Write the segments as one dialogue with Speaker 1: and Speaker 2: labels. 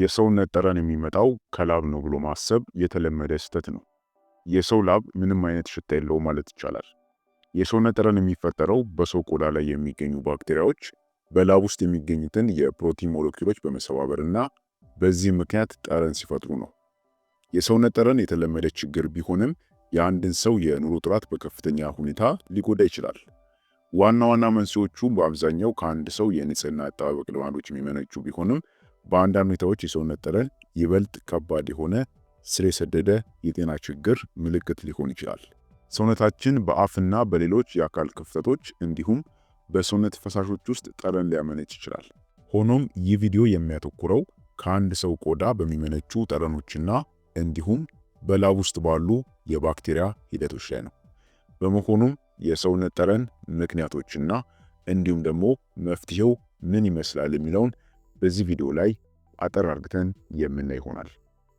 Speaker 1: የሰውነት ጠረን የሚመጣው ከላብ ነው ብሎ ማሰብ የተለመደ ስህተት ነው። የሰው ላብ ምንም አይነት ሽታ የለው ማለት ይቻላል። የሰውነት ጠረን የሚፈጠረው በሰው ቆዳ ላይ የሚገኙ ባክቴሪያዎች በላብ ውስጥ የሚገኙትን የፕሮቲን ሞለኪሎች በመሰባበር እና በዚህ ምክንያት ጠረን ሲፈጥሩ ነው። የሰውነት ጠረን የተለመደ ችግር ቢሆንም የአንድን ሰው የኑሮ ጥራት በከፍተኛ ሁኔታ ሊጎዳ ይችላል። ዋና ዋና መንስኤዎቹ በአብዛኛው ከአንድ ሰው የንጽህና አጠባበቅ ልማዶች የሚመነጩ ቢሆንም በአንዳንድ ሁኔታዎች የሰውነት ጠረን ይበልጥ ከባድ የሆነ ስር የሰደደ የጤና ችግር ምልክት ሊሆን ይችላል። ሰውነታችን በአፍና በሌሎች የአካል ክፍተቶች እንዲሁም በሰውነት ፈሳሾች ውስጥ ጠረን ሊያመነጭ ይችላል። ሆኖም ይህ ቪዲዮ የሚያተኩረው ከአንድ ሰው ቆዳ በሚመነጩ ጠረኖችና እንዲሁም በላብ ውስጥ ባሉ የባክቴሪያ ሂደቶች ላይ ነው። በመሆኑም የሰውነት ጠረን ምክንያቶችና እንዲሁም ደግሞ መፍትሄው ምን ይመስላል የሚለውን በዚህ ቪዲዮ ላይ አጠር አርግተን የምናይ ይሆናል።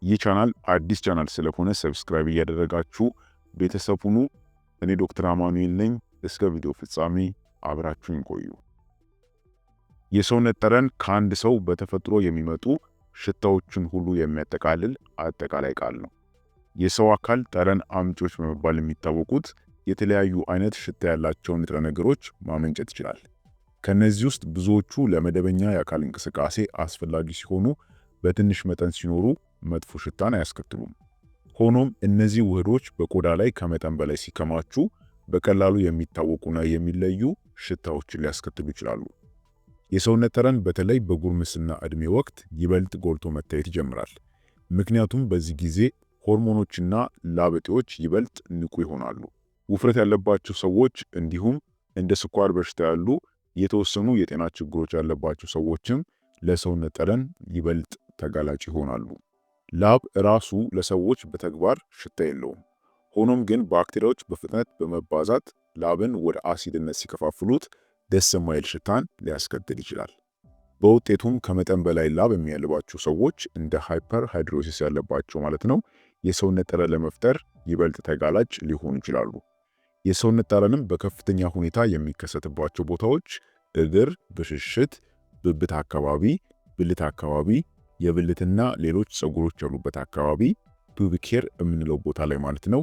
Speaker 1: ይህ ቻናል አዲስ ቻናል ስለሆነ ሰብስክራይብ እያደረጋችሁ ቤተሰብ ሁኑ። እኔ ዶክተር አማኑኤል ነኝ። እስከ ቪዲዮ ፍጻሜ አብራችሁኝ ቆዩ። የሰውነት ጠረን ከአንድ ሰው በተፈጥሮ የሚመጡ ሽታዎችን ሁሉ የሚያጠቃልል አጠቃላይ ቃል ነው። የሰው አካል ጠረን አምጪዎች በመባል የሚታወቁት የተለያዩ አይነት ሽታ ያላቸውን ንጥረ ነገሮች ማመንጨት ይችላል። ከነዚህ ውስጥ ብዙዎቹ ለመደበኛ የአካል እንቅስቃሴ አስፈላጊ ሲሆኑ በትንሽ መጠን ሲኖሩ መጥፎ ሽታን አያስከትሉም። ሆኖም እነዚህ ውህዶች በቆዳ ላይ ከመጠን በላይ ሲከማቹ በቀላሉ የሚታወቁና የሚለዩ ሽታዎችን ሊያስከትሉ ይችላሉ። የሰውነት ተረን በተለይ በጉርምስና ዕድሜ ወቅት ይበልጥ ጎልቶ መታየት ይጀምራል። ምክንያቱም በዚህ ጊዜ ሆርሞኖችና ላበጤዎች ይበልጥ ንቁ ይሆናሉ። ውፍረት ያለባቸው ሰዎች እንዲሁም እንደ ስኳር በሽታ ያሉ የተወሰኑ የጤና ችግሮች ያለባቸው ሰዎችም ለሰውነት ጠረን ይበልጥ ተጋላጭ ይሆናሉ። ላብ ራሱ ለሰዎች በተግባር ሽታ የለውም። ሆኖም ግን ባክቴሪያዎች በፍጥነት በመባዛት ላብን ወደ አሲድነት ሲከፋፍሉት ደስ የማይል ሽታን ሊያስከትል ይችላል። በውጤቱም ከመጠን በላይ ላብ የሚያልባቸው ሰዎች እንደ ሃይፐር ሃይድሮሲስ ያለባቸው ማለት ነው የሰውነት ጠረን ለመፍጠር ይበልጥ ተጋላጭ ሊሆኑ ይችላሉ። የሰውነት ጠረንም በከፍተኛ ሁኔታ የሚከሰትባቸው ቦታዎች እግር፣ ብሽሽት፣ ብብት አካባቢ፣ ብልት አካባቢ፣ የብልትና ሌሎች ፀጉሮች ያሉበት አካባቢ ፑቢኬር የምንለው ቦታ ላይ ማለት ነው።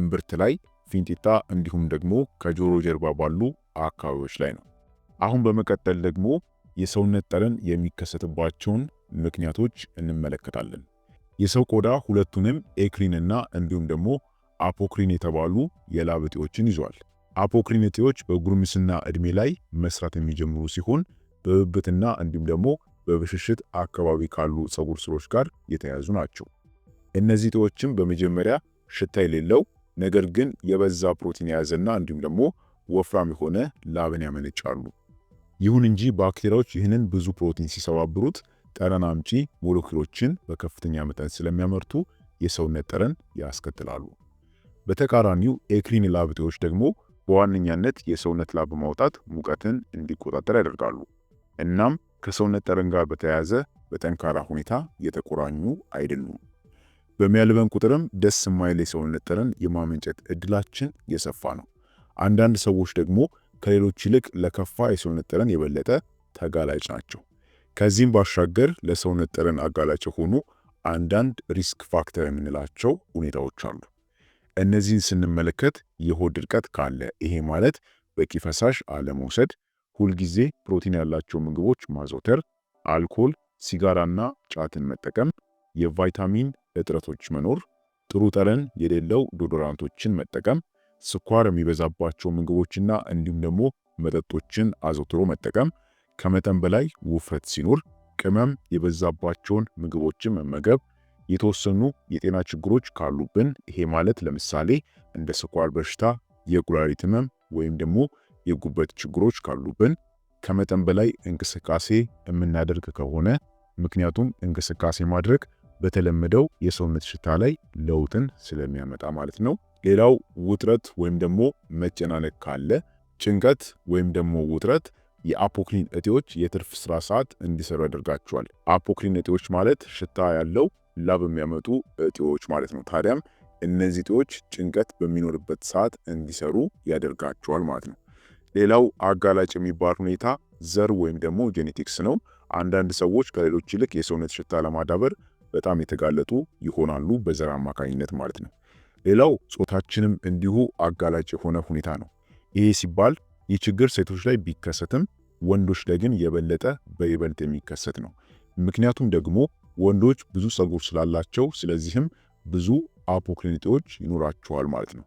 Speaker 1: እምብርት ላይ፣ ፊንጢጣ እንዲሁም ደግሞ ከጆሮ ጀርባ ባሉ አካባቢዎች ላይ ነው። አሁን በመቀጠል ደግሞ የሰውነት ጠረን የሚከሰትባቸውን ምክንያቶች እንመለከታለን። የሰው ቆዳ ሁለቱንም ኤክሪንና እንዲሁም ደግሞ አፖክሪን የተባሉ የላብ እጢዎችን ይዟል። አፖክሪን እጢዎች በጉርምስና እድሜ ላይ መስራት የሚጀምሩ ሲሆን በብብትና እንዲሁም ደግሞ በብሽሽት አካባቢ ካሉ ፀጉር ስሮች ጋር የተያዙ ናቸው። እነዚህ እጢዎችም በመጀመሪያ ሽታ የሌለው ነገር ግን የበዛ ፕሮቲን የያዘና እንዲሁም ደግሞ ወፍራም የሆነ ላብን ያመነጫሉ። ይሁን እንጂ ባክቴሪያዎች ይህንን ብዙ ፕሮቲን ሲሰባብሩት ጠረን አምጪ ሞለኪሎችን በከፍተኛ መጠን ስለሚያመርቱ የሰውነት ጠረን ያስከትላሉ። በተቃራኒው ኤክሪን ላብጤዎች ደግሞ በዋነኛነት የሰውነት ላብ ማውጣት ሙቀትን እንዲቆጣጠር ያደርጋሉ። እናም ከሰውነት ጠረን ጋር በተያያዘ በጠንካራ ሁኔታ የተቆራኙ አይደሉም። በሚያልበን ቁጥርም ደስ የማይል የሰውነት ጠረን የማመንጨት እድላችን የሰፋ ነው። አንዳንድ ሰዎች ደግሞ ከሌሎች ይልቅ ለከፋ የሰውነት ጠረን የበለጠ ተጋላጭ ናቸው። ከዚህም ባሻገር ለሰውነት ጠረን አጋላጭ የሆኑ አንዳንድ ሪስክ ፋክተር የምንላቸው ሁኔታዎች አሉ። እነዚህን ስንመለከት የሆድ ድርቀት ካለ ይሄ ማለት በቂ ፈሳሽ አለመውሰድ፣ ሁልጊዜ ፕሮቲን ያላቸው ምግቦች ማዘውተር፣ አልኮል፣ ሲጋራና ጫትን መጠቀም፣ የቫይታሚን እጥረቶች መኖር፣ ጥሩ ጠረን የሌለው ዶዶራንቶችን መጠቀም፣ ስኳር የሚበዛባቸው ምግቦችና እንዲሁም ደግሞ መጠጦችን አዘውትሮ መጠቀም፣ ከመጠን በላይ ውፍረት ሲኖር ቅመም የበዛባቸውን ምግቦችን መመገብ የተወሰኑ የጤና ችግሮች ካሉብን ይሄ ማለት ለምሳሌ እንደ ስኳር በሽታ፣ የኩላሊት ህመም ወይም ደግሞ የጉበት ችግሮች ካሉብን ከመጠን በላይ እንቅስቃሴ የምናደርግ ከሆነ ምክንያቱም እንቅስቃሴ ማድረግ በተለመደው የሰውነት ሽታ ላይ ለውጥን ስለሚያመጣ ማለት ነው። ሌላው ውጥረት ወይም ደግሞ መጨናነቅ ካለ ጭንቀት ወይም ደግሞ ውጥረት የአፖክሊን እጢዎች የትርፍ ስራ ሰዓት እንዲሰሩ ያደርጋቸዋል። አፖክሊን እጢዎች ማለት ሽታ ያለው ላብ የሚያመጡ እጢዎች ማለት ነው። ታዲያም እነዚህ እጢዎች ጭንቀት በሚኖርበት ሰዓት እንዲሰሩ ያደርጋቸዋል ማለት ነው። ሌላው አጋላጭ የሚባል ሁኔታ ዘር ወይም ደግሞ ጄኔቲክስ ነው። አንዳንድ ሰዎች ከሌሎች ይልቅ የሰውነት ሽታ ለማዳበር በጣም የተጋለጡ ይሆናሉ፣ በዘር አማካኝነት ማለት ነው። ሌላው ጾታችንም እንዲሁ አጋላጭ የሆነ ሁኔታ ነው። ይሄ ሲባል ይህ ችግር ሴቶች ላይ ቢከሰትም ወንዶች ላይ ግን የበለጠ በይበልጥ የሚከሰት ነው። ምክንያቱም ደግሞ ወንዶች ብዙ ፀጉር ስላላቸው ስለዚህም ብዙ አፖክሊኒጤዎች ይኖራቸዋል ማለት ነው።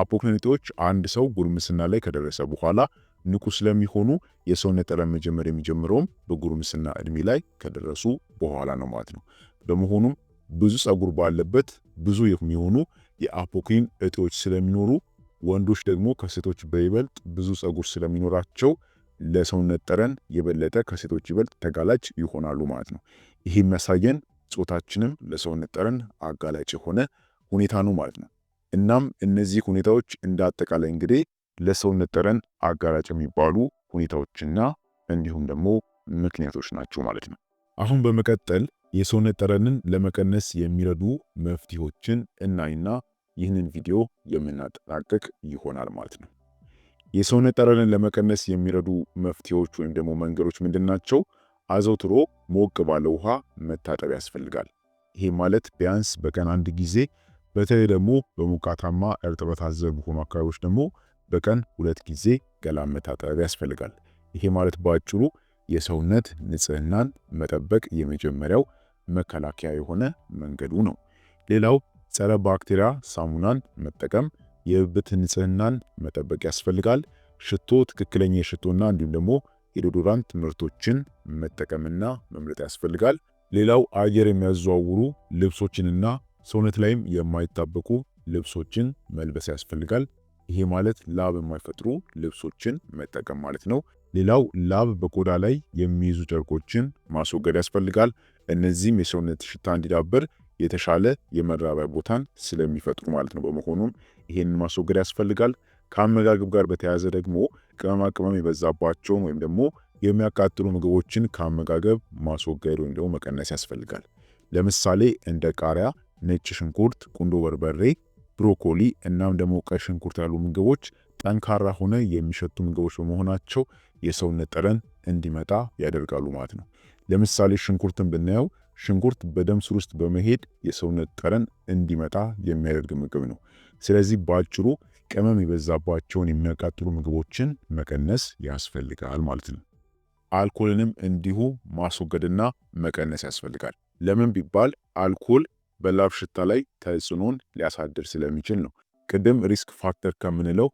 Speaker 1: አፖክሊኒጤዎች አንድ ሰው ጉርምስና ላይ ከደረሰ በኋላ ንቁ ስለሚሆኑ የሰውነት ጠረን መጀመር የሚጀምረውም በጉርምስና እድሜ ላይ ከደረሱ በኋላ ነው ማለት ነው። በመሆኑም ብዙ ፀጉር ባለበት ብዙ የሚሆኑ የአፖክሊን እጢዎች ስለሚኖሩ ወንዶች ደግሞ ከሴቶች በይበልጥ ብዙ ፀጉር ስለሚኖራቸው ለሰውነት ጠረን የበለጠ ከሴቶች ይበልጥ ተጋላጭ ይሆናሉ ማለት ነው። ይህ የሚያሳየን ጾታችንም ለሰውነት ጠረን አጋላጭ የሆነ ሁኔታ ነው ማለት ነው። እናም እነዚህ ሁኔታዎች እንደ አጠቃላይ እንግዲህ ለሰውነት ጠረን አጋላጭ የሚባሉ ሁኔታዎችና እንዲሁም ደግሞ ምክንያቶች ናቸው ማለት ነው። አሁን በመቀጠል የሰውነት ጠረንን ለመቀነስ የሚረዱ መፍትሄዎችን እናይና ይህንን ቪዲዮ የምናጠናቀቅ ይሆናል ማለት ነው። የሰውነት ጠረንን ለመቀነስ የሚረዱ መፍትሄዎች ወይም ደግሞ መንገዶች ምንድን ናቸው? አዘውትሮ ሞቅ ባለ ውሃ መታጠብ ያስፈልጋል። ይሄ ማለት ቢያንስ በቀን አንድ ጊዜ፣ በተለይ ደግሞ በሞቃታማ እርጥበት አዘል በሆኑ አካባቢዎች ደግሞ በቀን ሁለት ጊዜ ገላ መታጠብ ያስፈልጋል። ይሄ ማለት በአጭሩ የሰውነት ንጽህናን መጠበቅ የመጀመሪያው መከላከያ የሆነ መንገዱ ነው። ሌላው ጸረ ባክቴሪያ ሳሙናን መጠቀም የብብት ንጽህናን መጠበቅ ያስፈልጋል። ሽቶ፣ ትክክለኛ የሽቶና እንዲሁም ደግሞ የዶዶራንት ምርቶችን መጠቀምና መምረጥ ያስፈልጋል። ሌላው አየር የሚያዘዋውሩ ልብሶችንና ሰውነት ላይም የማይጣበቁ ልብሶችን መልበስ ያስፈልጋል። ይሄ ማለት ላብ የማይፈጥሩ ልብሶችን መጠቀም ማለት ነው። ሌላው ላብ በቆዳ ላይ የሚይዙ ጨርቆችን ማስወገድ ያስፈልጋል። እነዚህም የሰውነት ሽታ እንዲዳበር የተሻለ የመራቢያ ቦታን ስለሚፈጥሩ ማለት ነው። በመሆኑም ይሄንን ማስወገድ ያስፈልጋል። ከአመጋገብ ጋር በተያያዘ ደግሞ ቅመማ ቅመም የበዛባቸውን ወይም ደግሞ የሚያቃጥሉ ምግቦችን ከአመጋገብ ማስወገድ ወይም ደግሞ መቀነስ ያስፈልጋል። ለምሳሌ እንደ ቃሪያ፣ ነጭ ሽንኩርት፣ ቁንዶ በርበሬ፣ ብሮኮሊ እናም ደግሞ ቀይ ሽንኩርት ያሉ ምግቦች ጠንካራ ሆነ የሚሸቱ ምግቦች በመሆናቸው የሰውነት ጠረን እንዲመጣ ያደርጋሉ ማለት ነው። ለምሳሌ ሽንኩርትን ብናየው ሽንኩርት በደም ስር ውስጥ በመሄድ የሰውነት ጠረን እንዲመጣ የሚያደርግ ምግብ ነው። ስለዚህ በአጭሩ ቅመም የበዛባቸውን የሚያቃጥሉ ምግቦችን መቀነስ ያስፈልጋል ማለት ነው። አልኮልንም እንዲሁ ማስወገድና መቀነስ ያስፈልጋል። ለምን ቢባል አልኮል በላብ ሽታ ላይ ተጽዕኖን ሊያሳድር ስለሚችል ነው። ቅድም ሪስክ ፋክተር ከምንለው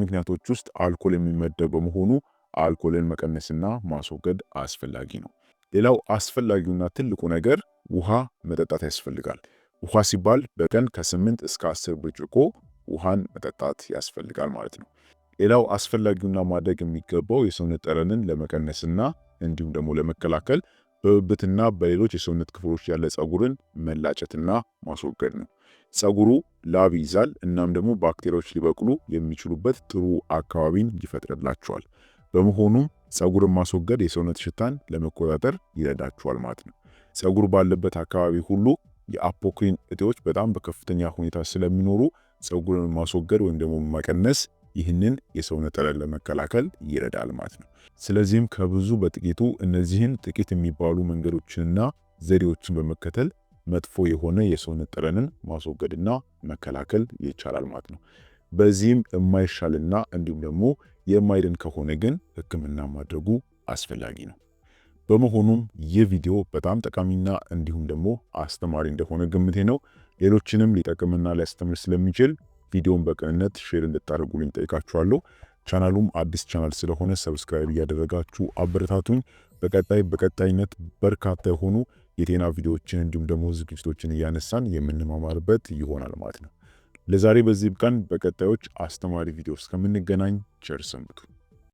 Speaker 1: ምክንያቶች ውስጥ አልኮል የሚመደብ በመሆኑ አልኮልን መቀነስና ማስወገድ አስፈላጊ ነው። ሌላው አስፈላጊውና ትልቁ ነገር ውሃ መጠጣት ያስፈልጋል። ውሃ ሲባል በቀን ከ8 እስከ 10 ብርጭቆ ውሃን መጠጣት ያስፈልጋል ማለት ነው። ሌላው አስፈላጊውና ማድረግ የሚገባው የሰውነት ጠረንን ለመቀነስና እንዲሁም ደግሞ ለመከላከል በብብትና በሌሎች የሰውነት ክፍሎች ያለ ፀጉርን መላጨትና ማስወገድ ነው። ፀጉሩ ላብ ይዛል እናም ደግሞ ባክቴሪያዎች ሊበቅሉ የሚችሉበት ጥሩ አካባቢን ይፈጥርላቸዋል። በመሆኑም ፀጉርን ማስወገድ የሰውነት ሽታን ለመቆጣጠር ይረዳችኋል ማለት ነው። ፀጉር ባለበት አካባቢ ሁሉ የአፖክሪን እጤዎች በጣም በከፍተኛ ሁኔታ ስለሚኖሩ ፀጉርን ማስወገድ ወይም ደግሞ መቀነስ ይህንን የሰውነት ጠረን ለመከላከል ይረዳል ማለት ነው። ስለዚህም ከብዙ በጥቂቱ እነዚህን ጥቂት የሚባሉ መንገዶችንና ዘዴዎችን በመከተል መጥፎ የሆነ የሰውነት ጠረንን ማስወገድና መከላከል ይቻላል ማለት ነው። በዚህም የማይሻልና እንዲሁም ደግሞ የማይድን ከሆነ ግን ህክምና ማድረጉ አስፈላጊ ነው። በመሆኑም ይህ ቪዲዮ በጣም ጠቃሚና እንዲሁም ደግሞ አስተማሪ እንደሆነ ግምቴ ነው። ሌሎችንም ሊጠቅምና ሊያስተምር ስለሚችል ቪዲዮን በቅንነት ሼር እንድታደርጉልኝ ጠይቃችኋለሁ። ቻናሉም አዲስ ቻናል ስለሆነ ሰብስክራይብ እያደረጋችሁ አበረታቱኝ። በቀጣይ በቀጣይነት በርካታ የሆኑ የጤና ቪዲዮዎችን እንዲሁም ደግሞ ዝግጅቶችን እያነሳን የምንማማርበት ይሆናል ማለት ነው። ለዛሬ በዚህ ብቃን። በቀጣዮች አስተማሪ ቪዲዮ እስከምንገናኝ ቸር ሰንብቱ።